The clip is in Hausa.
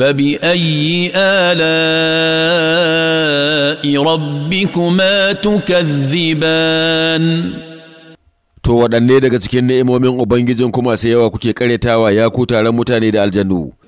فبأي آلاء ربكما تكذبان to waɗanne daga cikin ni'imomin ubangijin kuma sai yawa kuke karetawa ya ku taron mutane da aljannu